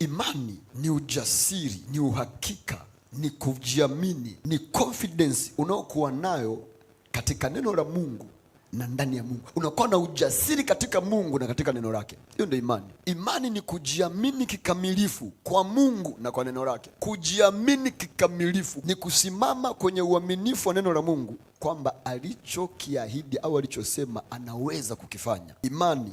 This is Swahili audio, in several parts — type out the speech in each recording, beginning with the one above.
Imani ni ujasiri, ni uhakika, ni kujiamini, ni confidence unaokuwa nayo katika neno la Mungu na ndani ya Mungu. Unakuwa na ujasiri katika Mungu na katika neno lake. Hiyo ndio imani. Imani ni kujiamini kikamilifu kwa Mungu na kwa neno lake. Kujiamini kikamilifu ni kusimama kwenye uaminifu wa neno la Mungu kwamba alichokiahidi au alichosema anaweza kukifanya. Imani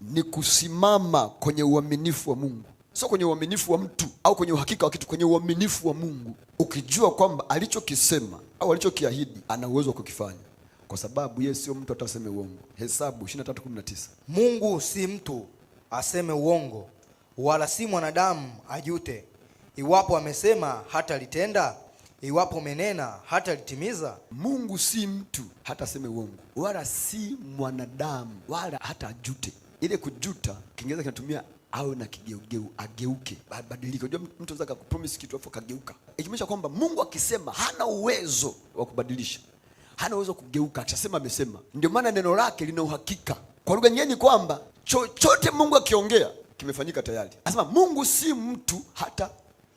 ni kusimama kwenye uaminifu wa Mungu sio kwenye uaminifu wa mtu au kwenye uhakika wa kitu, kwenye uaminifu wa Mungu, ukijua kwamba alichokisema au alichokiahidi ana uwezo wa kukifanya, kwa sababu yeye sio mtu ataseme uongo. Hesabu 23:19, Mungu si mtu aseme uongo, wala si mwanadamu ajute. Iwapo amesema hata litenda, iwapo amenena hata litimiza. Mungu si mtu hata aseme uongo, wala si mwanadamu, wala hata ajute. Ile kujuta Kiingereza kinatumia awe na kigeugeu, ageuke, abadilike. Unajua mtu anaweza akakupromise kitu afu kageuka, ikimaanisha kwamba Mungu akisema hana uwezo wa kubadilisha, hana uwezo wa kugeuka. Akishasema amesema. Ndio maana neno lake lina uhakika. Kwa lugha nyingine, kwamba chochote Mungu akiongea kimefanyika tayari. Anasema Mungu si mtu hata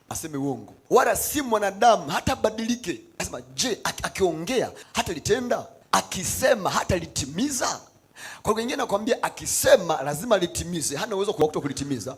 aseme uongo, wala si mwanadamu hata badilike. Anasema je, akiongea hata litenda, akisema hata litimiza. Kwa hiyo ingine nakwambia, akisema lazima litimize, hana uwezo wa kulitimiza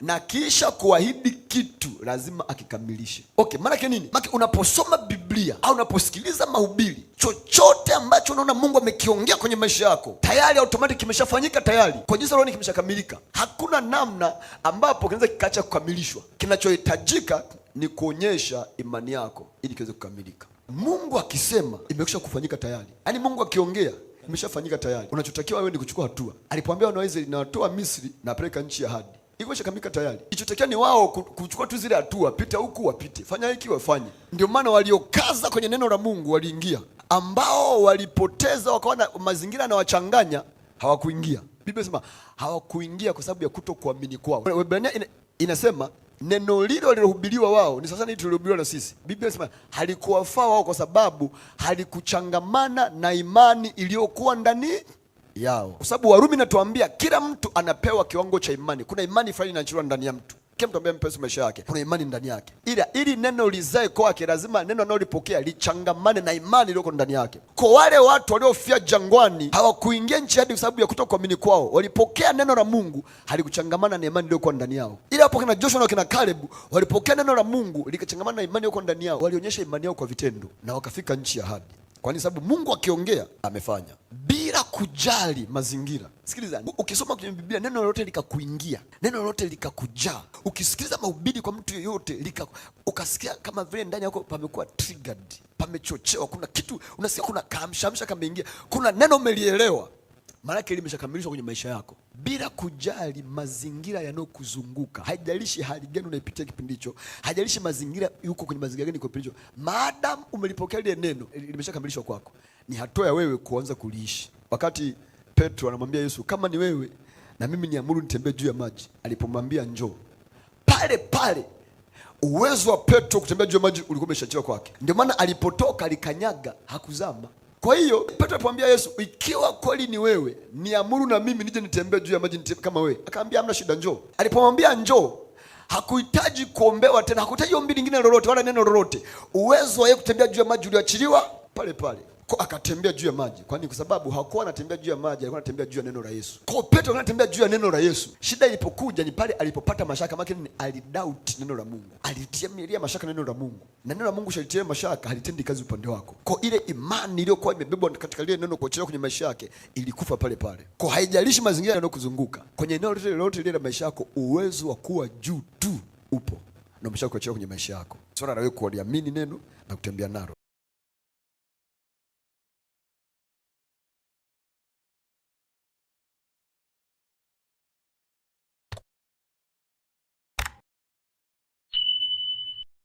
na kisha kuahidi kitu lazima akikamilishe. Okay, maana yake nini? Maana unaposoma Biblia au unaposikiliza mahubiri, chochote ambacho unaona Mungu amekiongea kwenye maisha yako tayari automatic kimeshafanyika tayari kwa jinsi roho kimeshakamilika. Hakuna namna ambapo kinaweza kikaacha kukamilishwa. Kinachohitajika ni kuonyesha imani yako ili kiweze kukamilika. Mungu akisema imekwisha kufanyika tayari, yaani Mungu akiongea umeshafanyika tayari. Unachotakiwa wewe ni kuchukua hatua. Alipoambia Noeli, nawatoa Misri napeleka nchi ya hadi hivyo tayari. Ichotakiwa ni wao kuchukua tu zile hatua, pita huku wapite, fanya hiki wafanye. Ndio maana waliokaza kwenye neno la Mungu waliingia, ambao walipoteza wakaona mazingira yanawachanganya hawakuingia. Biblia inasema hawakuingia kwa sababu ya kutokuamini kwao. Waebrania inasema neno lile walilohubiriwa wao ni sasa nini tulihubiriwa na sisi. Biblia inasema halikuwafaa wao kwa sababu halikuchangamana na imani iliyokuwa ndani yao, kwa sababu Warumi natuambia kila mtu anapewa kiwango cha imani. Kuna imani fulani inaachiliwa ndani ya mtu Sikia mtu ambaye mpesa maisha yake kuna imani ndani yake, ila ili neno lizae kwake, lazima neno analipokea lichangamane na imani iliyoko ndani yake. Kwa wale watu waliofia jangwani, hawakuingia nchi hadi sababu ya kutoka kuamini kwao, walipokea neno la Mungu halikuchangamana na imani iliyokuwa ndani yao. Ila hapo kina Joshua na kina Caleb walipokea neno la Mungu likachangamana na imani iliyokuwa ndani yao, walionyesha imani yao kwa vitendo na wakafika nchi ya ahadi, kwani sababu Mungu akiongea amefanya kujali mazingira. Sikiliza, ukisoma kwenye Biblia neno lolote likakuingia, neno lolote likakujaa, ukisikiliza mahubiri kwa mtu yeyote lika, ukasikia kama vile ndani yako pamekuwa triggered, pamechochewa, kuna kitu unasikia, kuna kamshamsha kameingia, kuna neno umelielewa, maanake limeshakamilishwa kwenye maisha yako bila kujali mazingira yanayokuzunguka. Haijalishi hali gani unaipitia kipindi hicho, haijalishi mazingira, yuko kwenye mazingira gani kwa kipindi hicho, maadamu umelipokea lile neno, limeshakamilishwa kwako ni hatua ya wewe kuanza kuliishi. Wakati Petro anamwambia Yesu, kama ni wewe na mimi niamuru nitembee juu ya maji, alipomwambia njoo, pale pale uwezo wa Petro kutembea juu ya maji ulikuwa umeshachiwa kwake. Ndio maana alipotoka alikanyaga, hakuzama. Kwa hiyo Petro alipomwambia Yesu, ikiwa kweli ni wewe, niamuru na mimi nije nitembee juu ya maji kama wewe, akaambia hamna shida, njoo. Alipomwambia njoo hakuhitaji kuombewa tena, hakuhitaji ombi lingine lolote wala neno lolote. Uwezo wa yeye kutembea juu ya maji uliachiliwa pale pale kwa akatembea juu ya maji. Kwa nini? kwa sababu hakuwa anatembea juu ya maji, alikuwa anatembea juu ya neno la Yesu. Kwa Petro anatembea juu ya neno la Yesu. Shida ilipokuja ni pale alipopata mashaka, maana ni alidoubt neno la Mungu, alitiamilia mashaka neno la Mungu, na neno la Mungu shalitia mashaka, halitendi kazi upande wako. Kwa ile imani iliyokuwa imebebwa katika lile neno kuachiliwa kwenye maisha yake ilikufa pale pale. Kwa haijalishi mazingira yanayokuzunguka kwenye eneo lolote lolote lile la maisha yako, uwezo wa kuwa juu tu upo na umeshakuachiliwa kwenye maisha yako. Swala la wewe kuliamini neno na kutembea nalo.